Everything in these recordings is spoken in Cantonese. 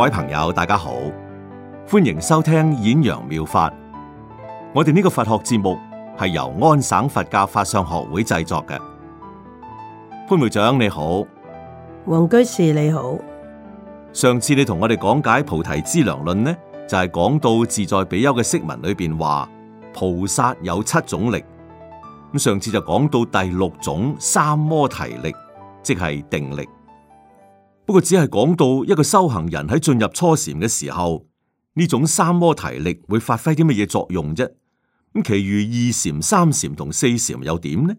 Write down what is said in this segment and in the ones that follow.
各位朋友，大家好，歡迎收聽演揚妙，妙法。我哋呢個佛學節目係由安省佛教法相學會製作嘅。潘會長你好，黃居士你好。上次你同我哋講解《菩提資糧論》呢，就係、是、講到自在比丘嘅釋文裏邊話，菩薩有七種力。咁上次就講到第六種三摩提力，即係定力。不過只係講到一個修行人喺進入初禪嘅時候，呢種三摩提力會發揮啲乜嘢作用啫。咁其餘二禪、三禪同四禪又點呢？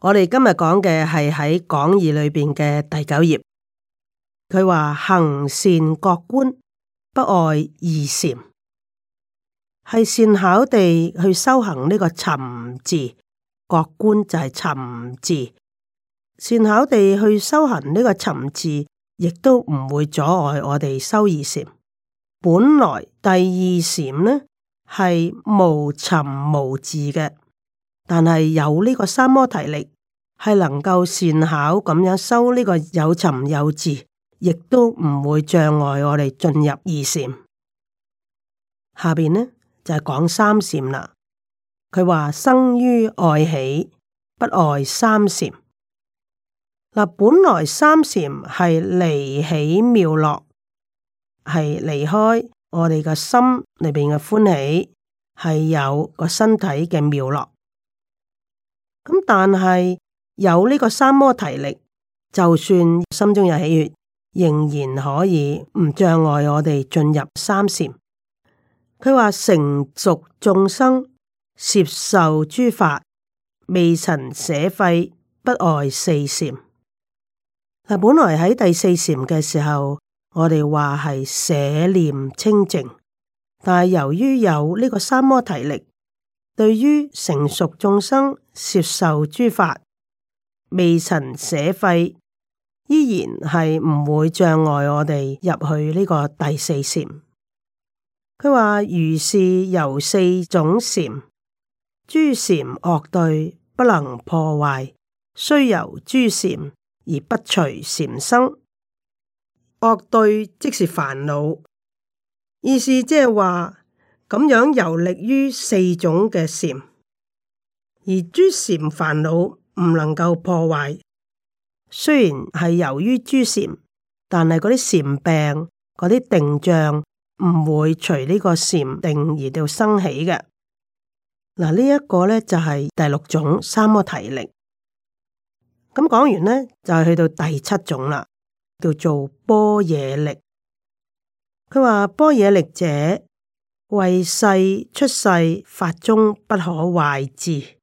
我哋今日講嘅係喺《講義》裏邊嘅第九頁，佢話行善覺觀不礙二禪，係善巧地去修行呢個尋字，覺觀就係尋字。善巧地去修行呢個尋伺，亦都唔會阻礙我哋修二禪。本來第二禪呢係無尋無伺嘅，但係有呢個三摩提力，係能夠善巧咁樣修呢個有尋有伺，亦都唔會障礙我哋進入二禪。下邊呢就係講三禪啦。佢話生於愛喜，不愛三禪。嗱，本來三禪係離起妙樂，係離開我哋嘅心裏邊嘅歡喜，係有個身體嘅妙樂。咁但係有呢個三摩提力，就算心中有喜悅，仍然可以唔障礙我哋進入三禪。佢話成熟眾生攝受諸法，未曾捨廢，不礙四禪。嗱，但本來喺第四禪嘅時候，我哋話係捨念清淨，但係由於有呢個三摩提力，對於成熟眾生攝受諸法，未曾捨廢，依然係唔會障礙我哋入去呢個第四禪。佢話如是由四種禪，諸禪惡對不能破壞，雖由諸禪。而不隨禪生惡對，即是煩惱。意思即係話咁樣遊歷於四種嘅禪，而諸禪煩惱唔能夠破壞。雖然係由於諸禪，但係嗰啲禪病、嗰啲定障唔會隨呢個禪定而到生起嘅。嗱，呢一個咧就係第六種三摩提力。咁講完呢，就係去到第七種啦，叫做般若力。佢話般若力者，為世出世法中不可壞智，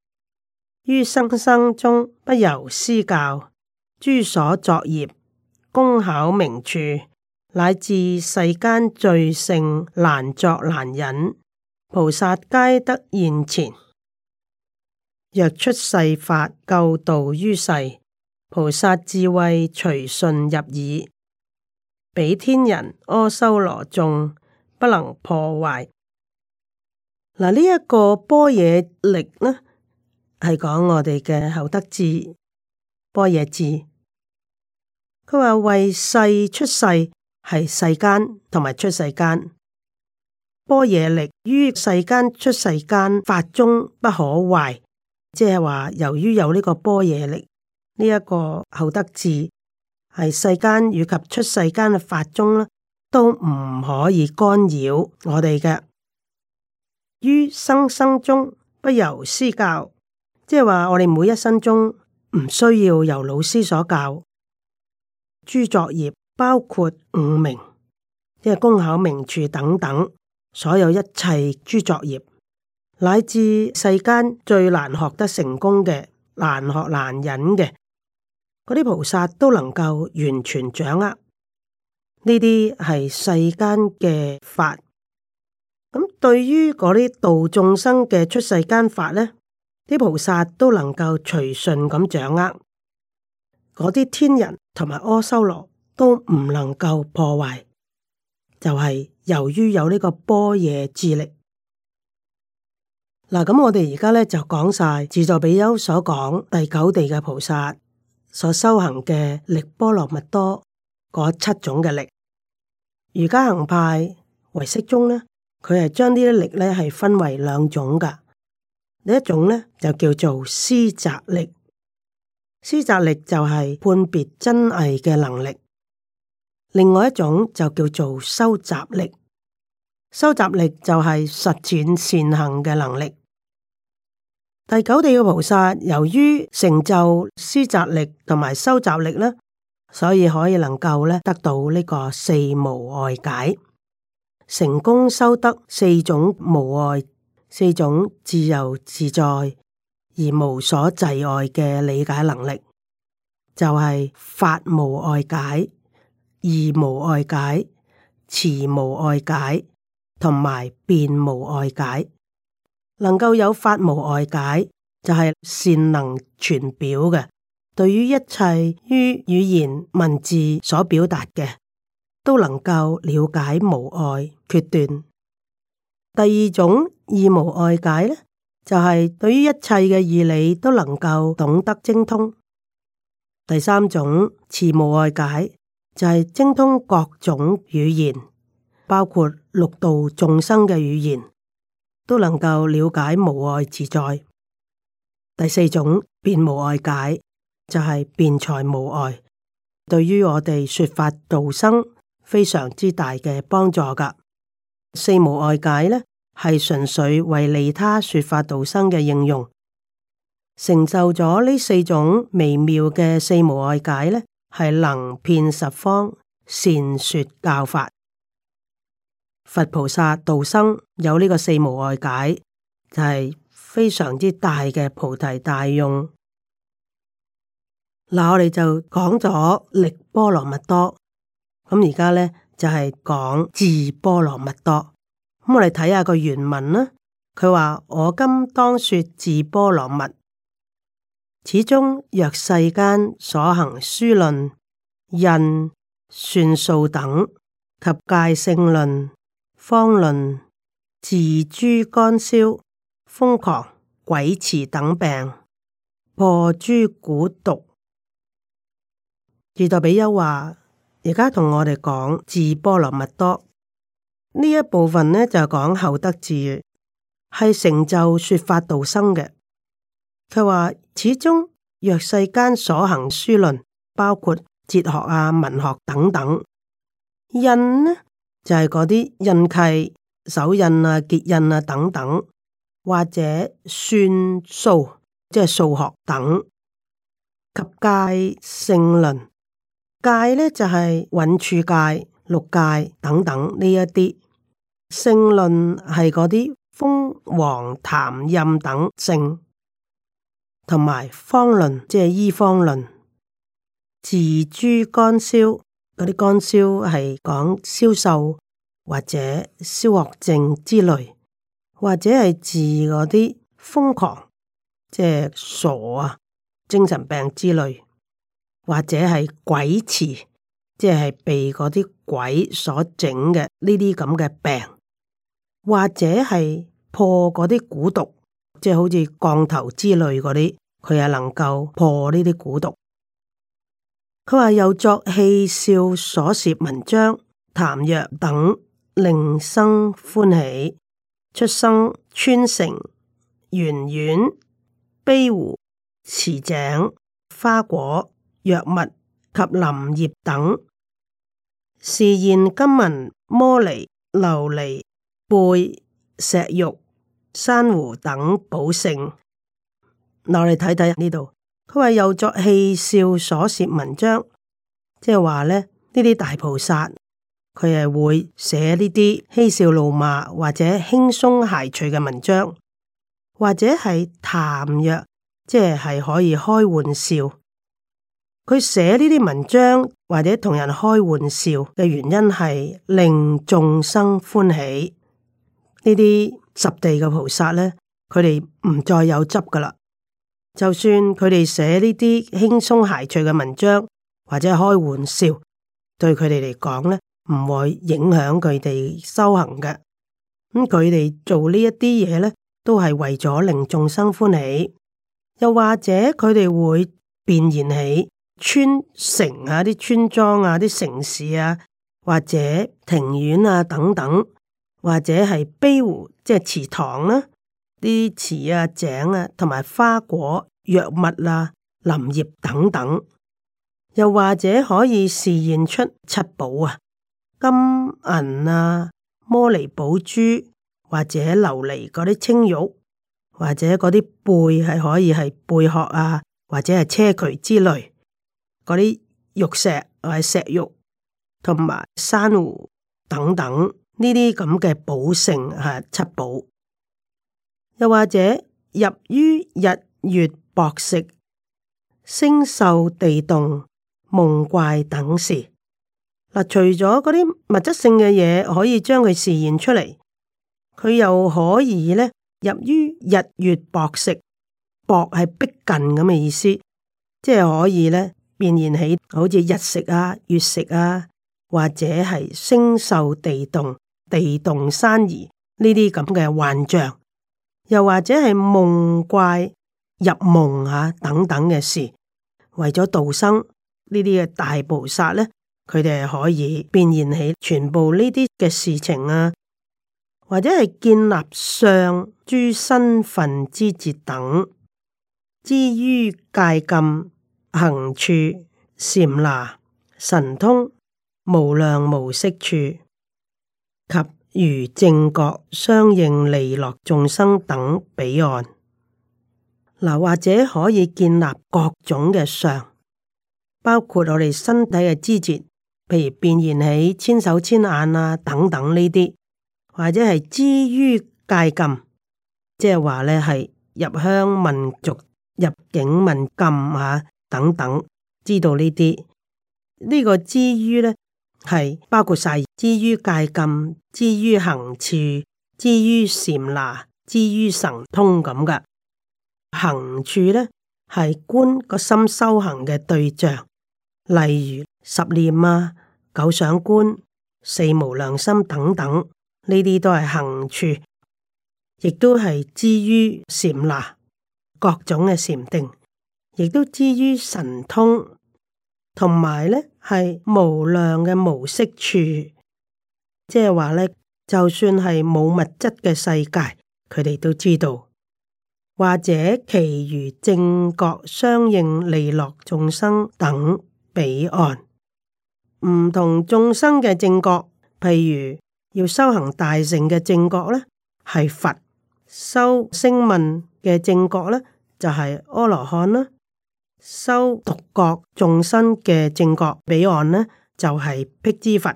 於生生中不由私教，諸所作業功巧明處，乃至世間罪性難作難忍，菩薩皆得現前。若出世法救度於世。菩薩智慧隨信入耳，俾天人阿修羅眾不能破壞。嗱，呢一個般若力呢，係講我哋嘅後得智般若智。佢話為世出世，係世間同埋出世間般若力於世間出世間法中不可壞，即係話由於有呢個般若力。呢一個後得智，係世間以及出世間嘅法中啦，都唔可以干擾我哋嘅，於生生中不由私教，即係話我哋每一生中唔需要由老師所教諸作業，包括五明，即係工巧明處等等，所有一切諸作業，乃至世間最難學得成功嘅、難學難忍嘅。嗰啲菩薩都能夠完全掌握呢啲係世間嘅法，咁對於嗰啲度眾生嘅出世間法呢，啲菩薩都能夠隨順咁掌握。嗰啲天人同埋阿修羅都唔能夠破壞，就係由於有呢個般若智力。嗱，咁我哋而家咧就講晒自在比丘所講第九地嘅菩薩所修行嘅力波羅蜜多嗰七種嘅力，瑜伽行派唯識中呢，佢係將呢啲力呢係分為兩種噶。第一種呢，就叫做思擇力，思擇力就係判別真偽嘅能力；另外一種就叫做修習力，修習力就係實踐善行嘅能力。第九地嘅菩薩，由於成就施集力同埋收集力呢，所以可以能夠咧，得到呢個四無礙解，成功修得四種無礙，四種自由自在而無所滯礙嘅理解能力，就係、是、法無礙解、義無礙解、詞無礙解同埋辯無礙解。能夠有法無礙解就係、是、善能詮表嘅，對於一切於語言文字所表達嘅都能夠了解無礙決斷。第二種義無礙解咧，就係、是、對於一切嘅義理都能夠懂得精通。第三種詞無礙解就係、是、精通各種語言，包括六道眾生嘅語言，都能夠了解無礙自在。第四種辯無礙解就係、是、辯才無礙，對於我哋說法度生非常之大嘅幫助㗎。四無礙解呢係純粹為利他說法度生嘅應用，成就咗呢四種微妙嘅四無礙解呢係能遍十方善說教法。佛菩薩度生有呢個四無礙解，就係、是、非常之大嘅菩提大用。嗱，我哋就講咗力波羅蜜多，咁而家咧就係、是、講智波羅蜜多。咁我哋睇下個原文啦。佢話，我今當說智波羅蜜，始終若世間所行書論、印、算數等及界性論，方論治諸乾燒、瘋狂、鬼刺等病，破諸蠱毒。自在比丘話：，而家同我哋講智波羅蜜多呢一部分呢，就講後得智，係成就說法度生嘅。佢話始終若世間所行書論，包括哲學啊、文學等等，因呢？就係嗰啲印契、手印啊、結印啊等等，或者算數，即係數學等及界性論。界呢，就係、是、蘊處界、六界等等呢一啲性論，係嗰啲風王、檀任等性，同埋方論，即係醫方論、自諸干消。嗰啲乾燒講消係講消瘦或者消渴症之類，或者係治嗰啲瘋狂，即係傻啊，精神病之類，或者係鬼刺，即係被嗰啲鬼所整嘅呢啲咁嘅病，或者係破嗰啲蠱毒，即係好似降頭之類嗰啲，佢又能夠破呢啲蠱毒。佢話又作戲笑所涉文章、談藥等，令生歡喜；出生穿城、園院、陂湖、池井、花果、藥物及林葉等，是現金文、摩尼、琉璃、貝、石玉、珊瑚等寶勝。嗱，我哋睇睇呢度。佢話又作嬉笑所涉文章，即係話呢呢啲大菩薩，佢係會寫呢啲嬉笑怒罵或者輕鬆諧趣嘅文章，或者係談謔，即係可以開玩笑。佢寫呢啲文章或者同人開玩笑嘅原因係令眾生歡喜。呢啲十地嘅菩薩呢，佢哋唔再有執噶啦。就算佢哋寫呢啲輕鬆諧趣嘅文章，或者開玩笑，對佢哋嚟講呢，唔會影響佢哋修行嘅。咁佢哋做呢一啲嘢呢，都係為咗令眾生歡喜，又或者佢哋會變現起村城啊、啲村莊啊、啲城市啊，或者庭院啊等等，或者係碑湖，即係祠堂啦。啲池啊、井啊，同埋花果、藥物啊、林業等等，又或者可以示現出七寶啊，金銀啊、摩尼寶珠，或者琉璃嗰啲青玉，或者嗰啲貝係可以係貝殼啊，或者係硨磲之類嗰啲玉石，係石玉同埋珊瑚等等呢啲咁嘅寶性啊，七寶。又或者入於日月薄食、星宿地動、夢怪等事。嗱、呃，除咗嗰啲物質性嘅嘢可以將佢示現出嚟，佢又可以咧入於日月薄食，薄係逼近咁嘅意思，即係可以咧變現起，好似日食啊、月食啊，或者係星宿地動、地動山移呢啲咁嘅幻象。又或者係夢怪入夢啊，等等嘅事，為咗度生呢啲嘅大菩薩呢，佢哋可以變現起全部呢啲嘅事情啊，或者係建立上諸身份之節等，至於戒禁行處、禪那、神通、無量無色處及。如正覺相應利樂眾生等彼岸，嗱，或者可以建立各種嘅相，包括我哋身體嘅肢節，譬如變現起千手千眼啊等等呢啲，或者係知於戒禁，即係話咧係入鄉問俗，入境問禁啊等等，知道，這個，呢啲呢個知於咧。係包括晒之於戒禁，之於行處，之於禪那，之於神通咁嘅。行處呢，係觀個心修行嘅對象，例如十念啊、九想觀、四無量心等等，呢啲都係行處，亦都係之於禪那，各種嘅禪定，亦都之於神通。同埋呢係無量嘅無色處，即係話呢就算係冇物質嘅世界，佢哋都知道。或者其餘正覺相應利樂眾生等彼岸，唔同眾生嘅正覺，譬如要修行大乘嘅正覺呢係佛；修聲聞嘅正覺呢就係、是、阿羅漢啦。修獨覺眾生嘅正覺彼岸呢，就係、是、辟支佛。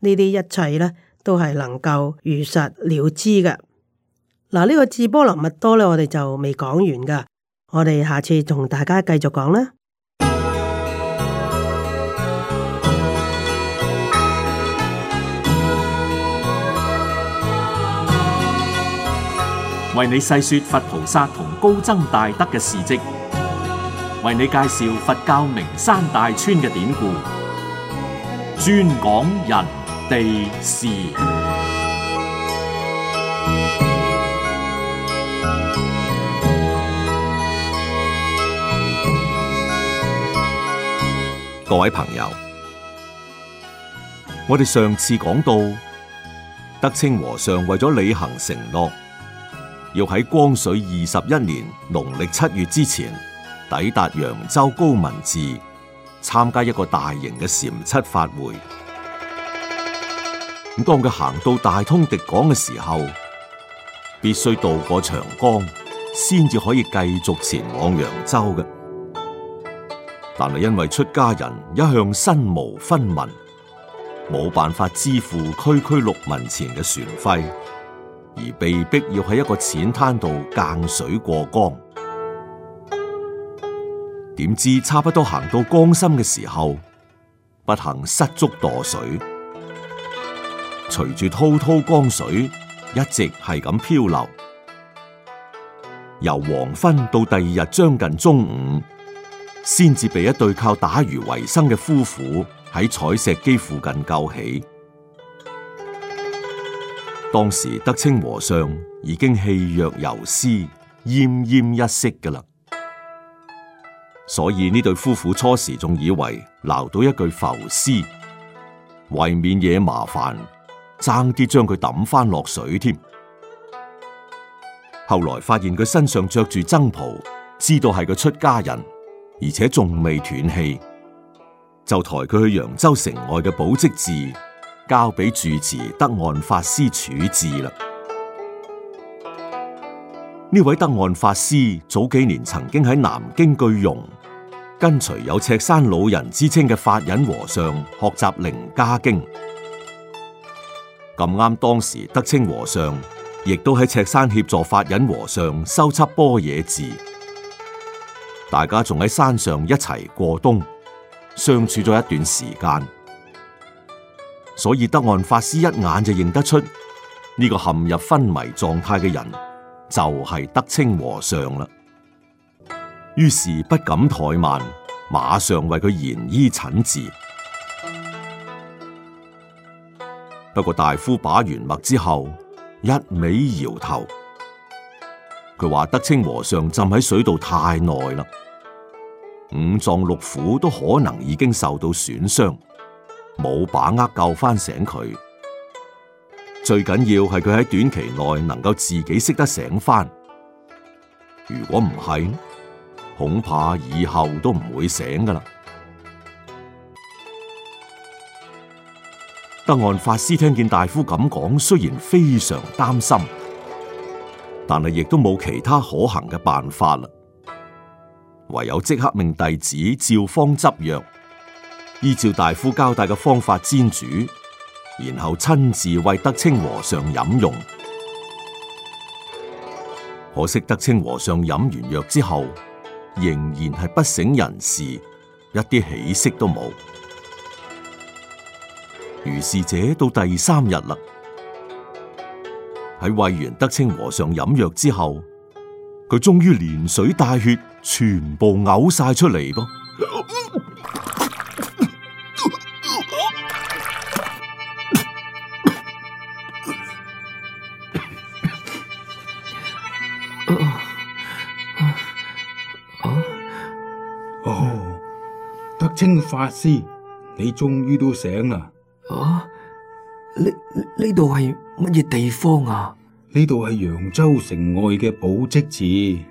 呢啲一切呢，都係能夠如實了知嘅。嗱，呢、這個智波羅蜜多呢，我哋就未講完噶。我哋下次同大家繼續講啦。為你細說佛菩薩同高僧大德嘅事跡。為你介紹佛教名山大川嘅典故，專講人地事。各位朋友，我哋上次講到，德清和尚為咗履行承諾，要喺光緒二十一年農曆七月之前。抵達揚州高旻寺參加一個大型嘅禪七法會。咁當佢行到大通敵港嘅時候，必須渡過長江，先至可以繼續前往揚州嘅。但係因為出家人一向身無分文，冇辦法支付區區六文錢嘅船費，而被逼要喺一個淺灘度隔水過江。點知差不多行到江心嘅時候，不幸失足墮水，隨住滔滔江水，一直係咁漂流，由黃昏到第二日將近中午，先至被一對靠打魚為生嘅夫婦喺采石磯附近救起。當時德清和尚已經氣若游絲、奄奄一息噶啦。所以呢對夫婦初時仲以為撈到一具浮屍，為免惹麻煩，爭啲將佢抌翻落水添。後來發現佢身上着住僧袍，知道係個出家人，而且仲未斷氣，就抬佢去揚州城外嘅寶積寺，交俾住持德岸法師處置啦。呢位德岸法師早幾年曾經喺南京句容。跟隨有赤山老人之稱嘅法忍和尚學習《楞伽經》，咁啱當時德清和尚亦都喺赤山協助法忍和尚收葺波野寺。大家仲喺山上一齊過冬，相處咗一段時間，所以德岸法師一眼就認得出呢、這個陷入昏迷狀態嘅人就係、是、德清和尚啦。於是不敢怠慢，馬上為佢延醫診治。 不過大夫把完脈之後，一味搖頭。佢話：德清和尚浸喺水度太耐啦，五臟六腑都可能已經受到損傷，冇把握救翻醒佢。最緊要係佢喺短期內能夠自己識得醒翻。如果唔係，恐怕以後都唔會醒噶啦。德岸法師聽見大夫咁講，雖然非常擔心，但係亦都冇其他可行嘅辦法啦。唯有即刻命弟子照方執藥，依照大夫交代嘅方法煎煮，然後親自為德清和尚飲用。可惜德清和尚飲完藥之後，仍然係不省人事，一啲起色都冇。於是者到第三日啦，喺餵完德清和尚飲藥之後，佢終於連水帶血全部嘔晒出嚟噃。法師，你終於都醒啦！啊，呢呢度係乜嘢地方啊？呢度係揚州城外嘅寶積寺。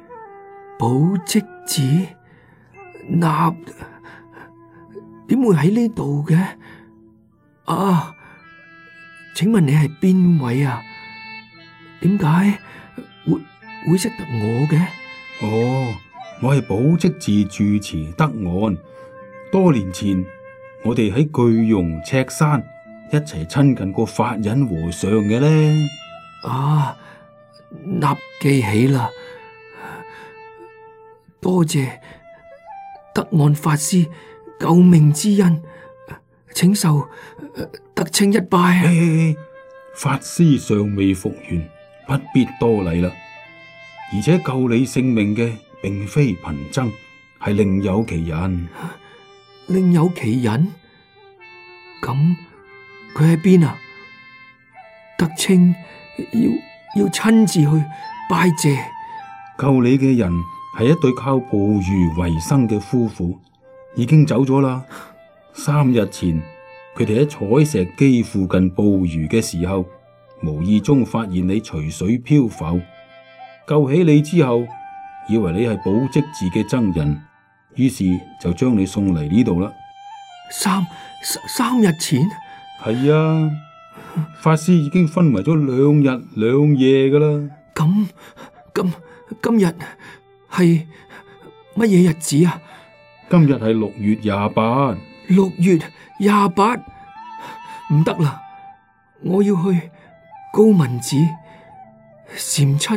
寶積寺，那點會喺呢度嘅？啊，請問你係邊位啊？點解會會，會識得我嘅？哦，我係寶積寺住持德岸。多年前，我哋喺句容赤山一齊親近過法忍和尚嘅咧。啊，立記起啦，多謝德岸法師救命之恩，請受德清一拜。哎哎哎、法師尚未復原，不必多禮啦。而且救你性命嘅並非貧僧，係另有其人。啊另有其人，咁佢喺邊啊？德清要要親自去拜謝。救你嘅人係一對靠捕魚為生嘅夫婦，已經走咗啦。 三日前，佢哋喺采石磯附近捕魚嘅時候，無意中發現你隨水漂浮，救起你之後，以為你係寶積寺嘅僧人。於是就將你送嚟呢度啦。三三日前係啊，法師已經分為咗兩日兩夜噶啦。咁今、嗯嗯嗯、今日係乜嘢日子啊？今日係六月廿八。六月廿八唔得啦，我要去高旻寺禪七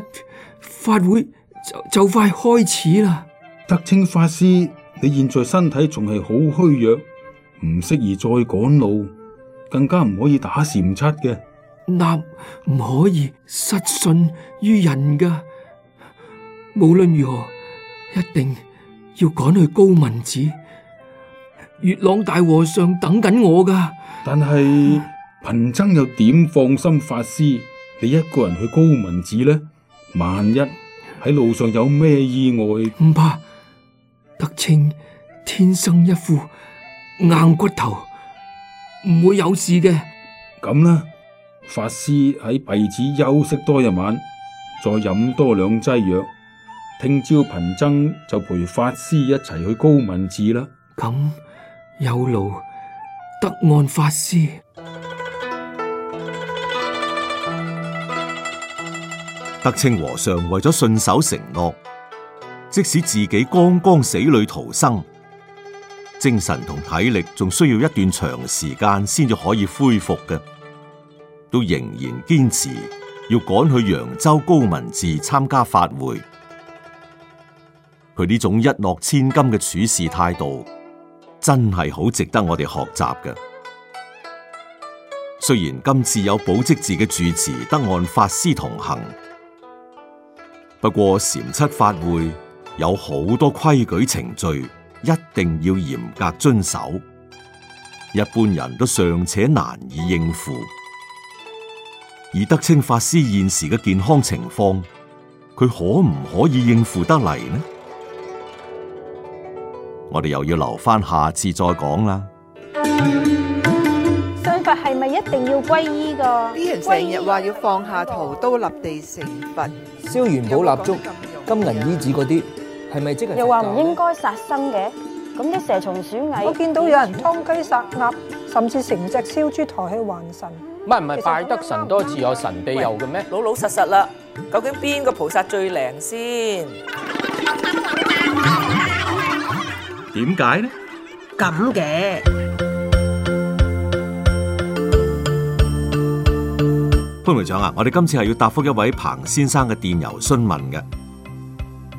法會就就快開始啦。德清法師，你現在身體仲係好虛弱，唔適宜再趕路，更加唔可以打禪七嘅。嗱，唔可以失信於人噶。無論如何，一定要趕去高旻寺，月朗大和尚等緊我噶。但係貧僧又點放心，法師你一個人去高旻寺呢？萬一喺路上有咩意外？唔怕。德清天生一副硬骨頭，唔會有事嘅。咁啦，法師喺弟子休息多一晚，再飲多兩劑藥，聽朝貧僧就陪法師一齊去高旻寺啦。咁有勞德安法師，德清和尚為咗信守承諾，即使自己剛剛死裏逃生，精神同體力仲需要一段長時間先至可以恢復嘅，都仍然堅持要趕去揚州高旻寺參加法會。佢呢種一諾千金嘅處事態度，真係好值得我哋學習嘅。雖然今次有寶積寺嘅住持得按法師同行，不過禪七法會，有好多規矩程序，一定要嚴格遵守。一般人都尚且難以應付，而德清法師現時嘅健康情況，佢可唔可以應付得嚟呢？我哋又要留翻下，下次再講啦。信佛係咪一定要皈依㗎？啲人成日話要放下屠刀立地成佛，燒元寶蠟燭、有有金銀衣紙嗰啲。又話唔應該殺生嘅，咁啲蛇蟲鼠蟻，我見到有人劏雞殺鴨，甚至成隻燒豬抬去還神。唔係，唔係，拜得神多自有神庇佑嘅咩？老老實實啦，究竟邊個菩薩最靈先？點解呢？咁嘅潘局長啊，我哋今次係要答覆一位彭先生嘅電郵詢問嘅。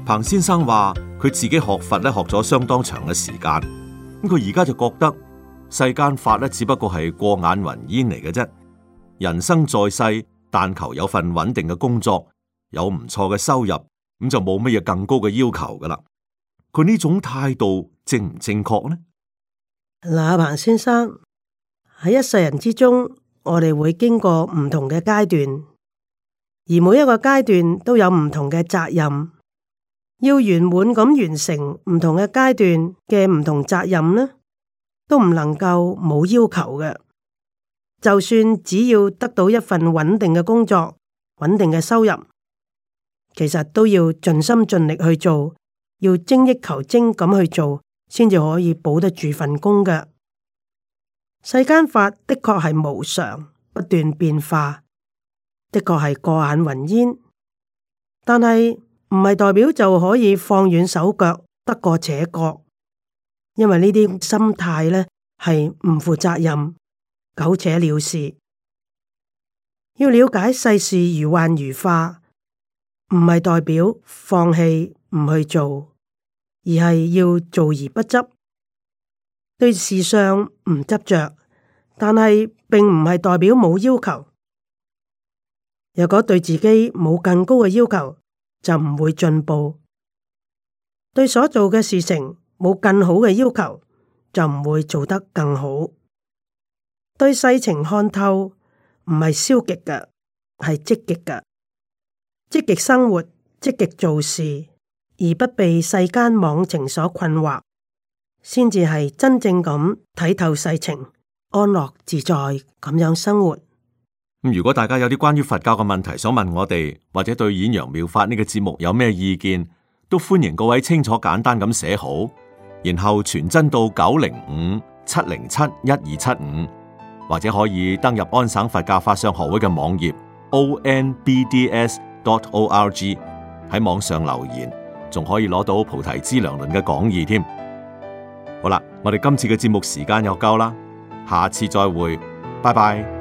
彭先生話：佢自己學佛咧，學咗相當長嘅時間。咁佢而家就覺得世間法咧，只不過係過眼雲煙嚟嘅啫。人生在世，但求有份穩定嘅工作，有唔錯嘅收入，咁就冇乜嘢更高嘅要求㗎喇。佢呢種態度正唔正確呢？嗱、呃，彭先生喺，一世人之中，我哋會經過唔同嘅階段，而每一個階段都有唔同嘅責任。要圓滿咁完成唔同嘅階段嘅唔同責任呢，都唔能夠冇要求嘅。就算只要得到一份穩定嘅工作、穩定嘅收入，其實都要盡心盡力去做，要精益求精咁去做，先至可以保得住份工嘅。世間法的確係無常，不斷變化，的確係過眼雲煙，但係，唔係代表就可以放軟手腳，得過且過，因為呢啲心態呢係唔負責任，苟且了事。要了解世事如幻如化，唔係代表放棄唔去做，而係要做而不執，對事上唔執着，但係並唔係代表冇要求。若果對自己冇更高嘅要求。就唔會進步，對所做嘅事情冇更好嘅要求，就唔會做得更好。對世情看透，唔係消極嘅，係積極嘅，積極生活，積極做事，而不被世間妄情所困惑，先至係真正咁睇透世情，安樂自在咁樣生活。咁如果大家有啲關於佛教嘅問題想問我哋，或者對《演揚妙法》呢、這個節目有咩意見，都歡迎各位清楚簡單咁寫好，然後傳真到九零五七零七一二七五，75，或者可以登入安省佛教法相學會嘅網頁 o n b d s dot o r g 喺網上留言，仲可以攞到《菩提資糧論》嘅講義添。好啦，我哋今次嘅節目時間又夠啦，下次再會，拜拜。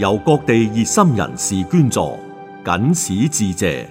由各地熱心人士捐助，謹此致謝。